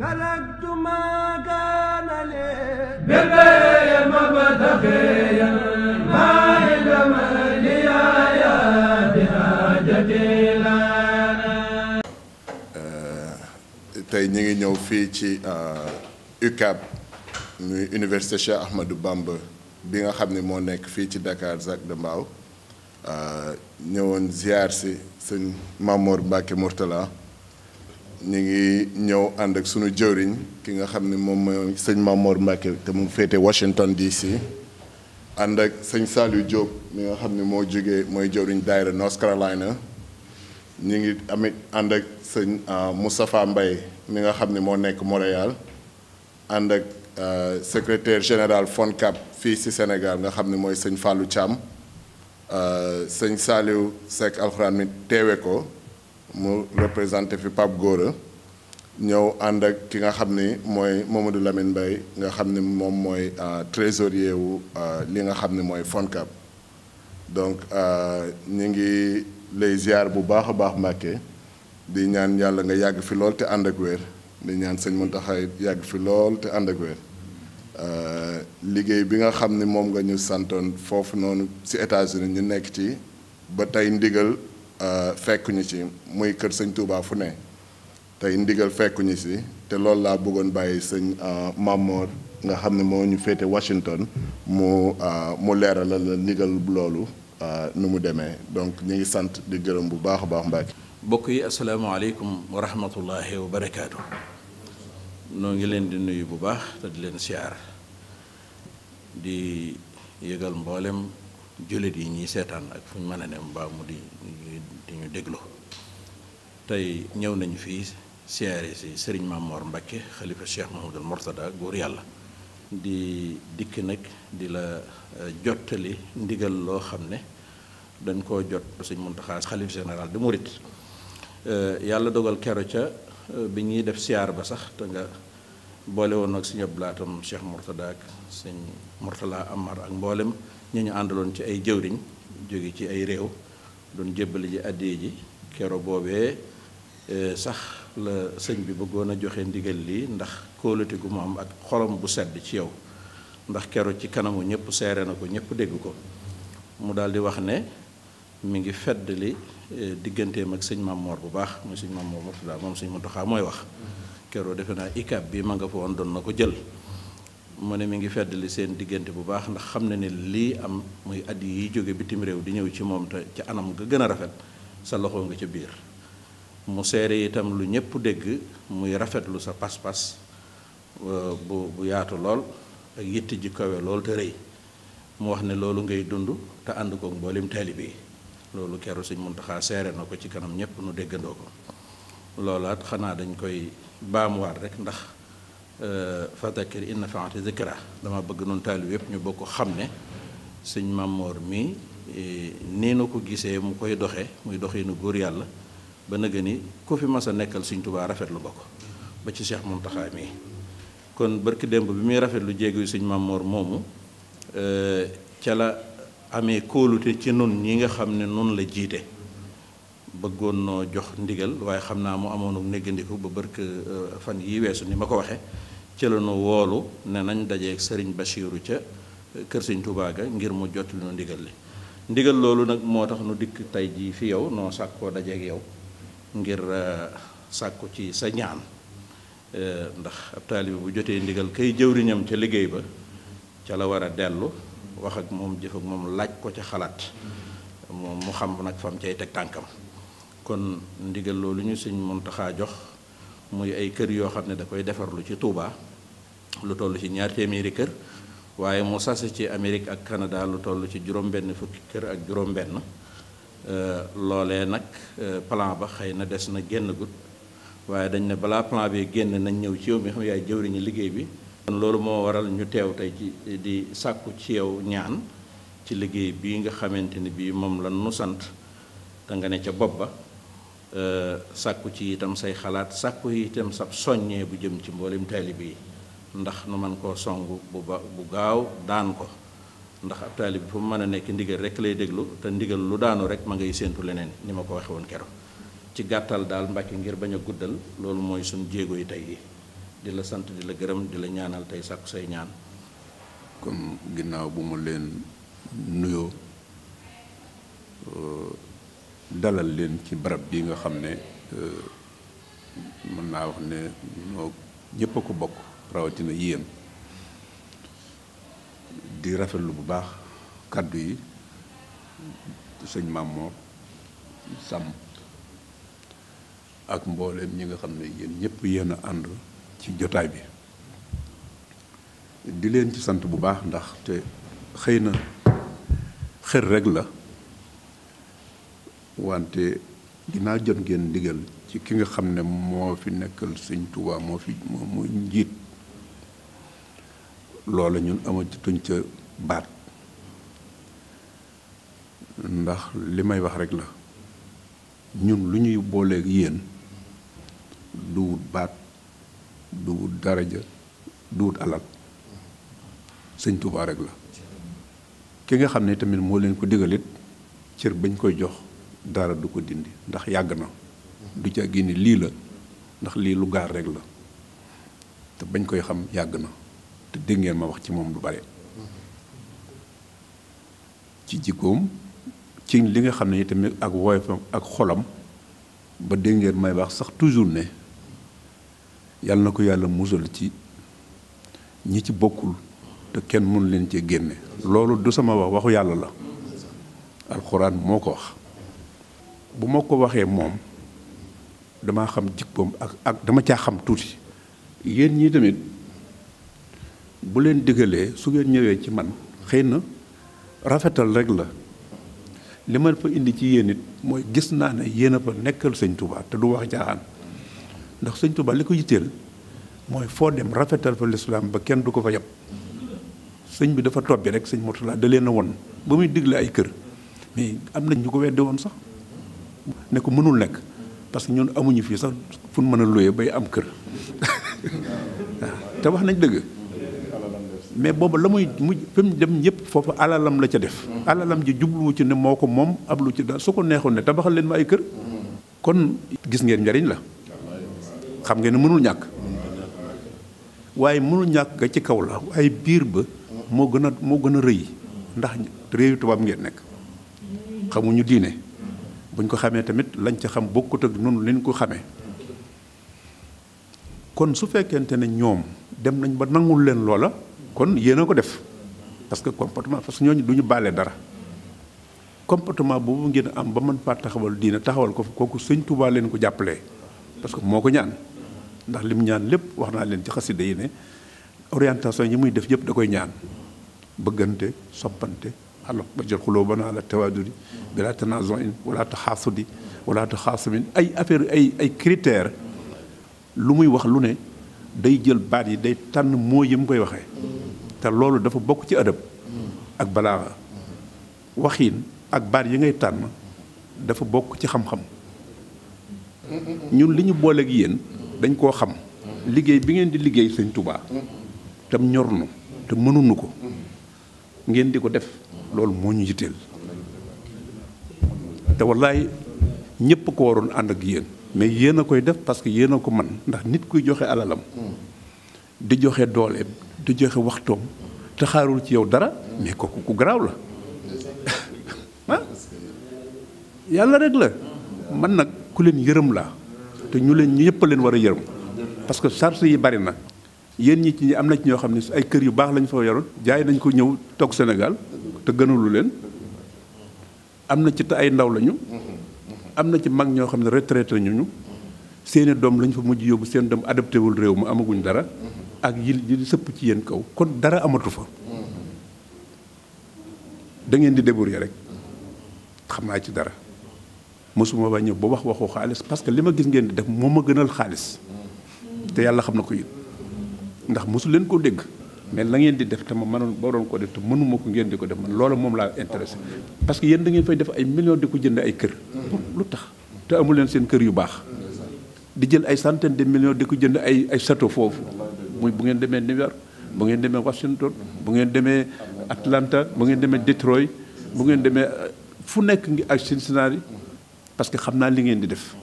تركت ما كان لي بغير مبتغيا ما علم لي يا بحاجتي tey ñu ngi ñëw fii ci eh, UCAB muy université Cheikh Ahmadou Bamba bi nga xam ni moo nekk fii ci Dakar Zac de Mbao eh, ñëwoon ziar si sëñ Mamour Mbacke Mourtala ñu ngi ñëw ànd ak suñu jëwriñ ki nga xam ni moom mooy sëñ Mamour Mbacke te mu féete Washington DC ànd ak sëñ Saliou Diop mi nga xam ni moo jógee mooy jëwriñ daayira North Carolina ñu ngi amit ànd ak sëñ ah, Moustapha mbay mi nga xam ni moo nekk Montréal ànd ak ah, secrétaire général FONCAP fii ci Sénégal nga xam ni mooy sëñ Fallou Thiam ah, sëñ Saliou Seck alxuraan mi teewe ko mu représenté fi Pape Gora ñëw ànd ak ki nga xam ni mooy Mamadou Lamine Mbaye nga xam ni moom mooy euh, trésorier wu euh, li nga xam ni mooy FONCAB donc euh, ñu ngi lay ziar bu baax a baax Mbàkke di ñaan yàlla nga yàgg fi lool te ànd ak wér di ñaan sëñ Mountakha yàgg fi lool te ànd ak wér liggéey bi nga xam ni moom nga ñu santoon foofu noonu si États-Unis ñu nekk ci ba tey ndigal Euh, fekk ñu ci muy kër sëñ Touba fu ne tey ndigal fekkuñu ñu si te loolu laa bëggoon bàyyi sëñ euh, Mamor nga xam ne moo ñu féete Washington mu euh, mu leeralal la ndigal loolu nu mu demee donc ñu ngi sant di gërëm bu baax a baax Mbacke. mbokk yi asalaamaaleykum wa rahmatullahi wa barakaatu. noo ngi leen di nuyu bu baax te di leen siyaar di yëgal mboolem. jullit yi ñuy seetaan ak fu ñu mën a ne mu di di ñu déglu tey ñëw nañu fii siyaare si sëriñ Mamor Mbakke xalifa Cheikh Mahamadul Mortada góor yàlla di dikk nag di la eh, jottali ndigal loo xam ne dañ koo jot sëñ Muntaxa xalifa général de Mouride eh, yàlla dogal kero ca eh, bi ñuy def siyaar ba sax te nga boole woon ak sëñ Abdou Lahat am Mortada ak sëñ Mortala Amar ak mboolem ñi ñu àndaloon ci ay jëwriñ jóge ci ay réew doon jébbali ji àddee ji kero boobee eh, sax la sëñ bi bëggoon a joxe ndigal li ndax kóolute gu mu ak xolam bu sedd ci yow ndax kero ci kanamu ñëpp seere na ko ñëpp dégg ko mu daal di wax ne mi ngi fedd li eh, digganteem ak sëñ Mamoor bu baax muy sëñ Mamoor Murtada moom sëñ Muntaxa mooy wax kero defe naa ikab bi ma nga fa woon doon na ko jël mu ne mi ngi feddali seen diggante bu baax ndax xam na ne lii am muy at yi jóge bitim réew di ñëw ci moom te ca anam ga gën a rafet sa loxo nga ca biir mu seere itam lu ñëpp dégg muy rafetlu sa pas-pas euh, bu bu yaatu lool ak yitt ji kawe loolu te rëy mu wax ne loolu ngay dund te ànd kook mboolim taalibe yi loolu keru sëñ Muntaxa seere na ko ci kanam ñëpp nu déggandoo ko loolaat xanaa dañ koy baamuwaat rek ndax Euh, fadakir in nafaati zikra dama bëgg noonu taalib yëpp ñu bokk xam ne sëñ Mamor mii eh, ni na ko gisee mu koy doxe muy doxinu góor yàlla ba nëgë ku fi mas a nekkal sëñ Tuubaa rafetlu nga ko ba ci Cheikh Mountakha mii kon barki démb bi muy rafet rafetlu jéegu suñ Mamor moomu eh, ca la amee kóolute ci nun ñi nga xam ne nun la jiite bëggoon noo jox ndigal waaye xam naa mu amoon néggandiku ba bark eh, fan yi weesu ni ma ko waxe ci la woolu ne nañ dajeeg sëriñ Bachiru ca eh, kër sëriñ Tuubaa ga ngir mu jot lu ndigal li ndigal loolu nag moo tax nu dikk tey jii fi yow noo sàkkoo dajeeg yow ngir eh, sàkku ci sa ñaan eh, ndax ab taalibe bu jotee ndigal kay jëwriñam ca liggéey ba ca la war a dellu wax ak moom jëf ak moom laaj ko ca xalaat moom mu xam nag fam cay teg tànkam kon ndigal loolu ñu sëñ Muntaxa jox muy ay kër yoo xam ne da koy defar ci Tuubaa lu toll ci ñaar téeméeri kër waaye mu sase ci Amérique ak Canada lu toll ci juróom-benn fukki kër ak juróom-benn euh, loole nag euh, plan ba xëy na des na génn gut waaye dañ ne balaa plan bi génn nañ ñëw ci yow mi xam yaay jëwriñu liggéey bi loolu moo waral ñu teew tey ci di sàkku ci yow ñaan ci liggéey bii nga xamante ni bii moom la nu sant te nga ne ca bopp ba euh, sàkku ci itam say xalaat sàkku itam sab soññee bu jëm ci mboolem taalibe ndax nu man koo songu bu ba bu gaaw daan ko ndax ab taalib bi fu mu mën a nekk ndigal rek lay déglu te ndigal lu daanu rek ma ngay séentu leneen ni ma ko waxe woon keroog ci gàttal daal Mbàkke ngir bañ a guddal loolu mooy suñ jéego yi tey yi di la sant di la gërëm di la ñaanal tey sàkku say ñaan kon ginnaaw bu mu leen nuyoo euh, dalal leen ci barab bi nga xam ne euh, mën naa wax ne ñoo ñépp a ko bokk rawatina yéen di rafetlu bu baax kàddu yi sëñ Mamoor sàmm ak mbooleem ñi nga xam ne yéen ñëpp yéen a ànd ci jotaay bi di leen ci sant bu baax ndax te xëy na xër rek la wante dinaa jot ngeen diggal ci ki nga xam ne moo fi nekkal sëñ Tuubaa moo fi moo mu njiit loola ñun ama amatuñ ca baat ndax li may wax rek la ñun lu ñuy booleeg yéen du baat du dara daraja du wut alal sëñ Tuubaa rek la ki nga xam ne tamit moo leen ko digalit cër bañ koy jox dara du ko dindi ndax yàgg na du ca génne lii la ndax lii lu gaar rek la te bañ koy xam yàgg na te dégg ma wax ci moom lu bare ci jikkoom ci li nga xam ne tamit ak woyofam ak xolam ba dégg ngeen may wax sax toujours ne yàlla na ko yàlla musal ci ñi ci bokkul te kenn mënu leen cee génne loolu du sama wax waxu yàlla la alxuraan moo ko wax bu ma ko waxee moom damaa xam jikkoom ak ak dama caa xam tuuti yéen ñi tamit bu leen digalee su ngeen ñëwee ci man xëy na rafetal rek la li ma fa indi ci yéen it mooy gis naa ne yéen a fa nekkal sëñ Touba te du wax jaaxaan ndax sëñ Touba li ko yitteel mooy foo dem rafetal fa lislaam ba kenn du ko fa yab sëñ bi dafa tobbi rek sëñ Mourtala da leen a won ba muy digle ay kër mais am nañ ñu ko weddi woon sax ne ko mënul nekk parce que ñun amuñu fii sax fu mën a looyee bay am kër te wax nañ dëgg. mais booba la muy mu fi dem yëpp foofu alalam la ca def. Mm-hmm. alalam ji jubluwu ci ne moo ko moom ab lu ci da su ko neexoon ne tabaxal leen ma ay kër. Mm-hmm. kon gis ngeen njariñ la. xam ngeen ne mënul ñàkk. waaye mënul ñàkk ga ci kaw la ay biir ba. moo gën a moo gën a rëy. ndax réewi tubaab ngeen nekk. xamuñu diine. buñ ko xamee tamit lañ ca xam bokkut ak noonu lañ ko xamee. kon su fekkente ne ñoom dem nañ ba nangul leen loola. kon yéen a ko def parce que comportement parce que ñooñu du ñu baale dara comportement boobu ngeen am ba mën faa taxawal diina taxawal ko kooku sëñ Tuubaa leen ko jàppalee parce que moo ko ñaan ndax lim ñaan lépp wax naa leen ci xasida yi ne orientation yi muy def yëpp da koy ñaan bëggante soppante alors ba jël xuloo ba naa la tawaadudi bi laa tanaason in wala taxaasudi wala taxaasumin ay affaire ay ay critères lu muy wax lu ne day jël baat yi day tànn moo yi mu koy waxee te loolu dafa bokk ci adab mm. ak balaaxa waxiin ak baat yi ngay tànn dafa bokk ci xam-xam ñun li ñu booleeg yéen dañ koo xam liggéey bi ngeen di liggéey sëñ Touba tam ñor nu te mënuñu ko ngeen di ko def loolu moo ñu yitteel te wallaay ñëpp ko waroon ànd ak yéen mais yéen a koy def parce que yéen a ko man ndax nit kuy joxe alalam mm. di joxe dooleem te joxe waxtoom te xaarul ci yow dara mais kooku ku garaaw la ah yàlla rek la man nag ku leen yërëm laa te ñu leen ñu yëpp leen war a yërëm parce que charge yi bari na yéen ñi ci am na ci ñoo xam ne ay kër yu baax lañ fa yoroon jaay nañ ko ñëw toog senegal te gënalu leen am na ci te ay ndaw lañu am na ci mag ñoo xam ne retraité ñu ñu seeni doom lañ fa mujj yóbbu seen doom adopté wul réew mu amaguñ dara ak yi di sëpp ci yéen kaw kon dara amatu fa dangeen ngeen di débrouiller rek xam naa ci dara mosuma ba ñëw ba wax waxu xaalis parce que li ma gis ngeen di def moom ma gënal xaalis te yàlla xam na ko it ndax mosu leen ko dégg mais la ngeen di def te ma mënoon ba doon ko def te mënuma ko ngeen di ko def man loola moom laa intéressé parce que yéen da fay def ay millions di ko jënd ay kër lu tax te amu leen seen kër yu baax di jël ay centaine de millions di ko jënd ay ay château foofu muy bu ngeen demee New York bu ngeen demee Washington bu ngeen demee Atlanta bu ngeen demee Detroit bu ngeen demee euh, fu nekk ngi ak Cincinnati parce que xam naa li ngeen di def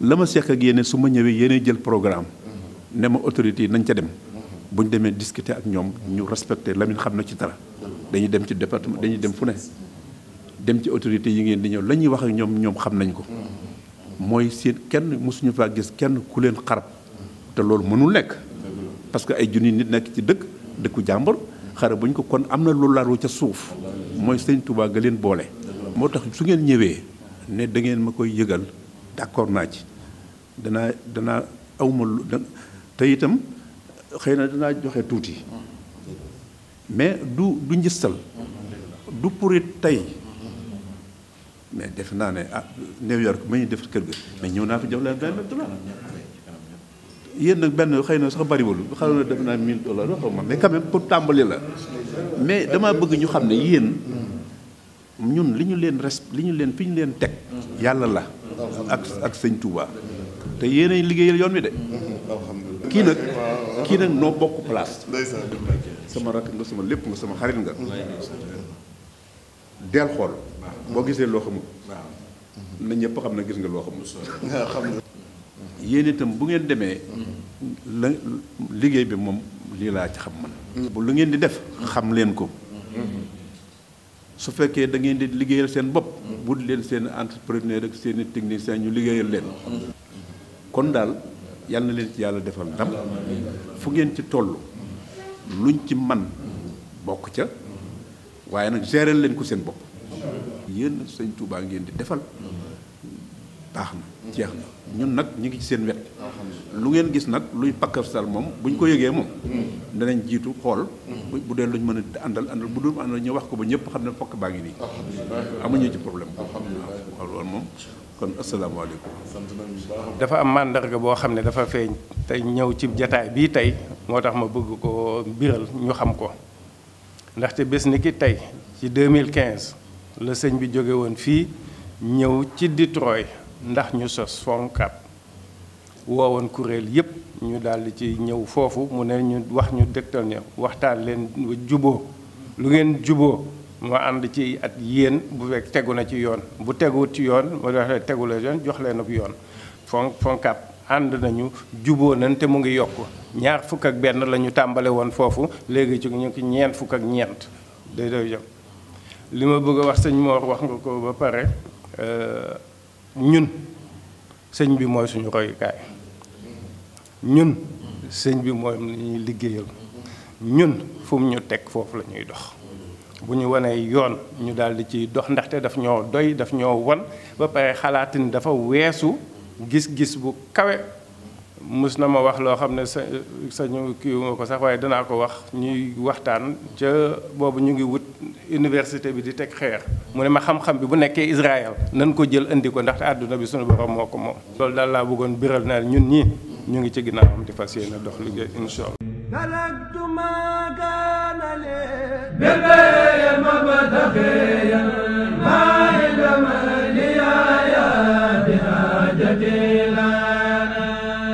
la ma seq ak yéen su ma ñëwee yéen jël programme ne ma autorités yi nañ ca dem bu demee discuter ak ñoom ñu respecté Lamine xam na ci tara dañuy dem ci département dañuy dem fu ne dem ci autorité yi ngeen di ñëw la ñuy wax ak ñoom ñoom xam nañ ko mooy seen kenn mosuñu faa gis kenn ku leen xarab te loolu mënul nekk. parce que ay junni nit nekk ci dëkk dëkku jàmbur xare bu buñ ko kon am na lu laru ca suuf mooy sëñ Touba ga leen boole. moo tax su ngeen ñëwee ne dangeen ma koy yëgal d'accord naa ci danaa danaa awma lu te itam xëy na danaa joxe tuuti mais du du njistal du purit tey mais def naa ne ah New York ma ñu def kër ga mais ñëw naa fi jox leen vingt mille dollars yéen nag benn xëy na sax bariwul xaw na def naa 1000 dollars waxaw ma mais pour tàmbali la damaa bëgg ñu xam ne yéen ñun leen res li ñu leen fi leen teg yàlla la ak sëñ Touba te yéenay liggéeyal yoon wi de kii nag kii nag noo bokk place sama rakk nga sama lépp sama xarit nga deel xool boo gisee loo xamul na ñëpp na gis nga loo xamul yéen itam bu ngeen demee la liggéey bi moom lii laa ci xam man mm. bu lu ngeen di def mm. xam leen ko mm-hmm. su fekkee da ngeen di liggéeyal seen bopp bu mm. di leen seen entrepreneur ak seen i ñu liggéeyal leen mm-hmm. kon daal yàlla na leen ci yàlla defal ndam fu ngeen ci toll luñ ci man bokk ca waaye nag gérer leen ko seen bopp yéen sëñ Tuubaa ngeen di defal mm-hmm. baax na jeex na ñun nag ñu ngi ci seen wet lu ngeen gis nag luy pakk pakkarsal moom buñ ko yëgee moom danañ jiitu xool mm-hmm. bu dee luñ mën a àndal àndal bu dul àndal ñu wax ko ba ñëpp xam ne fokk baa ngi nii amuñu ci problème waaw moom kon asalaamaaleykum dafa am màndarga boo xam ne dafa feeñ te ñëw ci jataay bii tey moo tax ma bëgg ko biral ñu xam ko ndaxte bés ni ki tey ci 2015 la sëñ bi jóge woon fii ñëw ci Detroit ndax ñu sos FONCAB woowoon kuréel yépp ñu daldi ci ñëw foofu mu ne ñu wax ñu dëgtal ne waxtaan leen juboo lu ngeen juboo ma ànd ci at yéen bu fekk tegu na ci yoon bu tegu ci yoon ma wax tegu la jox leen ak yoon fon FONCAB ànd nañu juboo nañ te mu ngi yokk ñaar fukk ak benn lañu tàmbale woon foofu léegi ci ñu ngi ñeent fukk ak ñeent day doy jëm li ma bëgg a wax sëñ Mor wax nga ko ba pare euh, ñun sëñ bi mooy suñu royukaay ñun sëñ bi mooy ñuy liggéeyal ñun fu mu ñu teg foofu la ñuy dox bu ñu wanee yoon ñu daal ciy dox ndaxte daf ñoo doy daf ñoo won ba pare xalaat ni dafa weesu gis-gis bu kawe mus na ma wax loo xam ne sa sañu kiiwuma ko sax waaye danaa ko wax ñuy waxtaan ca boobu ñu ngi wut université bi di teg xeer mu ne ma xam-xam bi bu nekkee Israël nan ko jël indi ko ndaxte àdduna bi sunu borom moo ko moom loolu daal laa bëggoon biral na ñun ñi ñu ngi ci ginnaawam di fas yéene dox liggéey insha allah